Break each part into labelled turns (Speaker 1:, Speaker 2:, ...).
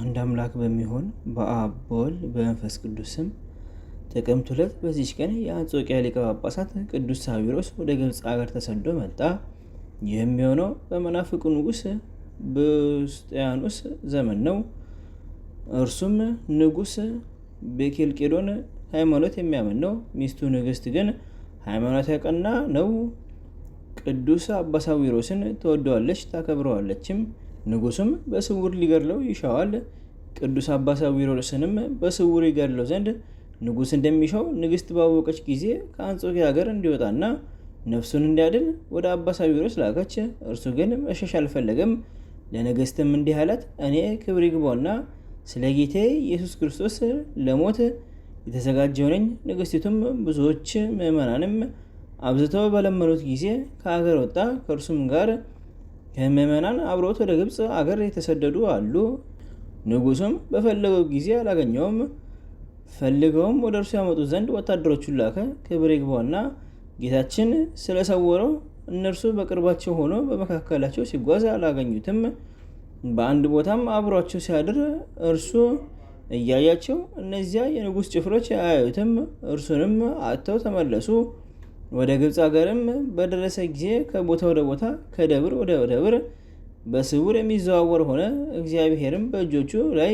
Speaker 1: አንድ አምላክ በሚሆን በአብ በወልድ በመንፈስ ቅዱስ ስም ጥቅምት ሁለት በዚች ቀን የአንጾኪያ ሊቀ ጳጳሳት ቅዱስ ሳዊሮስ ወደ ግብፅ ሀገር ተሰዶ መጣ። ይህም የሆነው በመናፍቁ ንጉሥ ብስጥያኖስ ዘመን ነው። እርሱም ንጉሥ በኬልቄዶን ሃይማኖት የሚያምን ነው። ሚስቱ ንግሥት ግን ሃይማኖት ያቀና ነው። ቅዱስ አባ ሳዊሮስን ትወደዋለች፣ ታከብረዋለችም። ንጉስም በስውር ሊገድለው ይሻዋል። ቅዱስ አባ ሳዊሮስንም በስውር ይገድለው ዘንድ ንጉስ እንደሚሻው ንግስት ባወቀች ጊዜ ከአንጾኪያ ሀገር እንዲወጣና ነፍሱን እንዲያድን ወደ አባ ሳዊሮስ ላከች። እርሱ ግን መሸሽ አልፈለገም። ለነገስትም እንዲህ አላት፣ እኔ ክብር ይግባውና ስለ ጌቴ ኢየሱስ ክርስቶስ ለሞት የተዘጋጀው ነኝ። ንግስቲቱም ብዙዎች ምዕመናንም አብዝተው በለመኑት ጊዜ ከሀገር ወጣ ከእርሱም ጋር ከምዕመናን አብሮት ወደ ግብፅ አገር የተሰደዱ አሉ። ንጉሱም በፈለገው ጊዜ አላገኘውም። ፈልገውም ወደ እርሱ ያመጡት ዘንድ ወታደሮቹን ላከ። ክብር ይግባውና ጌታችን ስለሰወረው እነርሱ በቅርባቸው ሆኖ በመካከላቸው ሲጓዝ አላገኙትም። በአንድ ቦታም አብሯቸው ሲያድር እርሱ እያያቸው፣ እነዚያ የንጉስ ጭፍሮች አያዩትም። እርሱንም አጥተው ተመለሱ። ወደ ግብፅ ሀገርም በደረሰ ጊዜ ከቦታ ወደ ቦታ ከደብር ወደ ደብር በስውር የሚዘዋወር ሆነ። እግዚአብሔርም በእጆቹ ላይ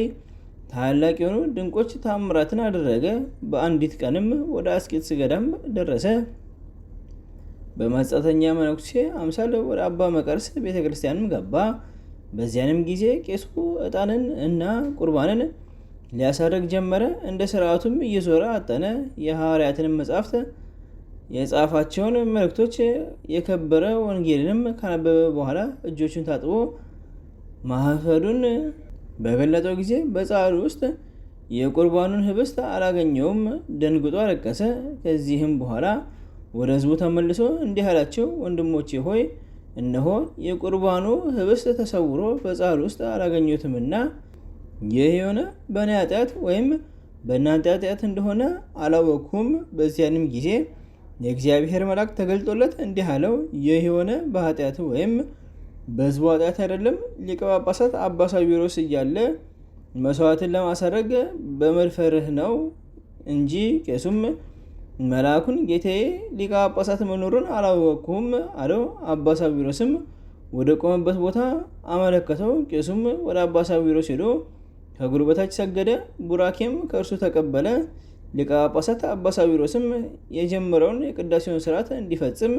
Speaker 1: ታላቅ የሆኑ ድንቆች ታምራትን አደረገ። በአንዲት ቀንም ወደ አስቄጥስ ገዳም ደረሰ። በማጻተኛ መነኩሴ አምሳል ወደ አባ መቀርስ ቤተ ክርስቲያንም ገባ። በዚያንም ጊዜ ቄሱ ዕጣንን እና ቁርባንን ሊያሳርግ ጀመረ። እንደ ስርዓቱም እየዞረ አጠነ። የሐዋርያትንም መጻሕፍት የጻፋቸውን መልእክቶች የከበረ ወንጌልንም ካነበበ በኋላ እጆቹን ታጥቦ ማህፈዱን በገለጠው ጊዜ በጻሕሉ ውስጥ የቁርባኑን ህብስት አላገኘውም፣ ደንግጦ አለቀሰ። ከዚህም በኋላ ወደ ህዝቡ ተመልሶ እንዲህ አላቸው፣ ወንድሞቼ ሆይ እነሆ የቁርባኑ ህብስት ተሰውሮ በጻሕሉ ውስጥ አላገኘሁትምና ይህ የሆነ በእኔ ኃጢአት ወይም በእናንተ ኃጢአት እንደሆነ አላወቅኩም። በዚያንም ጊዜ የእግዚአብሔር መልአክ ተገልጦለት እንዲህ አለው፣ ይህ የሆነ በኃጢአት ወይም በህዝቡ ኃጢአት አይደለም። ሊቀ ጳጳሳት አባ ሳዊሮስ እያለ መስዋዕትን ለማሳረግ በመድፈርህ ነው እንጂ። ቄሱም መልአኩን ጌታዬ፣ ሊቀ ጳጳሳት መኖሩን አላወቅኩም አለው። አባ ሳዊሮስም ወደ ቆመበት ቦታ አመለከተው። ቄሱም ወደ አባ ሳዊሮስ ሄዶ በታች ሰገደ፣ ቡራኬም ከእርሱ ተቀበለ። ሊቀ ጳጳሳት አባ ሳዊሮስም የጀመረውን የቅዳሴውን ስርዓት እንዲፈጽም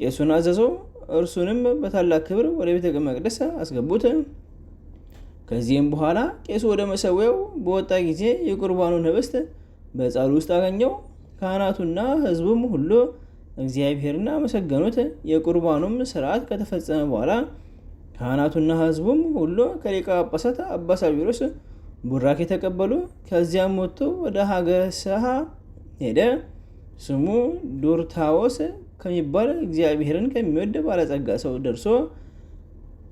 Speaker 1: ቄሱን አዘዘው። እርሱንም በታላቅ ክብር ወደ ቤተ መቅደስ አስገቡት። ከዚህም በኋላ ቄሱ ወደ መሰዊያው በወጣ ጊዜ የቁርባኑን ህብስት በጻሉ ውስጥ አገኘው። ካህናቱና ህዝቡም ሁሉ እግዚአብሔርን አመሰገኑት። የቁርባኑም ስርዓት ከተፈጸመ በኋላ ካህናቱና ህዝቡም ሁሉ ከሊቀ ጳጳሳት አባ ሳዊሮስ ቡራክ የተቀበሉ ከዚያም ወጥቶ ወደ ሀገረ ሄደ። ስሙ ዱርታዎስ ከሚባል እግዚአብሔርን ከሚወድ ባለጸጋ ሰው ደርሶ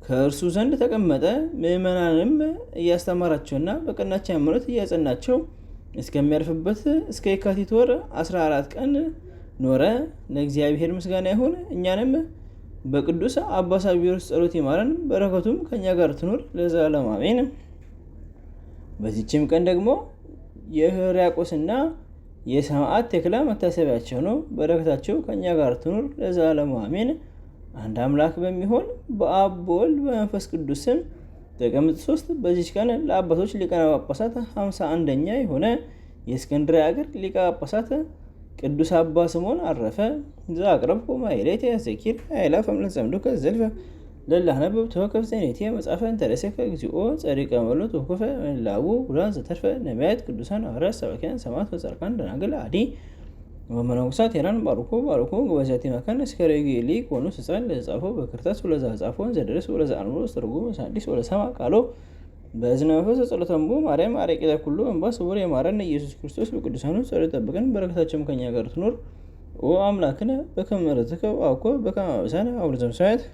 Speaker 1: ከእርሱ ዘንድ ተቀመጠ። ምዕመናንም እያስተማራቸውና በቀናች ሃይማኖት እያጸናቸው እስከሚያርፍበት እስከ የካቲት ወር 14 ቀን ኖረ። ለእግዚአብሔር ምስጋና ይሁን። እኛንም በቅዱስ አባ ጸሎት ይማረን፣ በረከቱም ከእኛ ጋር ትኑር ለዘላለም አሜን። በዚችም ቀን ደግሞ የሕርያቆስና የሰማዕት ተክላ መታሰቢያቸው ነው። በረከታቸው ከእኛ ጋር ትኑር ለዘላለሙ አሜን። አንድ አምላክ በሚሆን በአብ በወልድ በመንፈስ ቅዱስ ስም ጥቅምት ሶስት በዚች ቀን ለአባቶች ሊቃነ ጳጳሳት ሃምሳ አንደኛ የሆነ የእስክንድርያ አገር ሊቀ ጳጳሳት ቅዱስ አባ ስምዖን አረፈ። ዘአቅረብኩ ማኅሌተ ዘኪር አእላፈ እምለዘ አምዱከ ከዘልፈ ለላህ ተወከፍ ተወከፍተኔቴ መጻፈ ተደሴከ እግዚኦ ጸሪቀ መሎት ወኮፈ ላቡ ጉዳን ዘተርፈ ነቢያት ቅዱሳን ሐዋርያት ሰባኪያን ሰማት ወጻድቃን ደናግል አዲ በመነኮሳት ሄራን ባርኮ ባርኮ በዚያቲ መካን እስከሬጊ ሊ ኮኑ ስጻን ለጻፎ በክርታስ ወለዛ ጻፎን ዘደረስ ወለዛ አንብሮ ስተርጎ ሳዲስ ወለሰማ ቃሎ በእዝነ መንፈስ ጸሎተንቦ ማርያም አረቂታ ኩሉ እንባ ስቡር የማረን ኢየሱስ ክርስቶስ በቅዱሳኑ ጸሎት ጠብቀን በረከታቸው ከኛ ጋር ትኖር ኦ አምላክነ በከመ ረድከ አኮ በከመ አበሳነ አቡነ ዘበሰማያት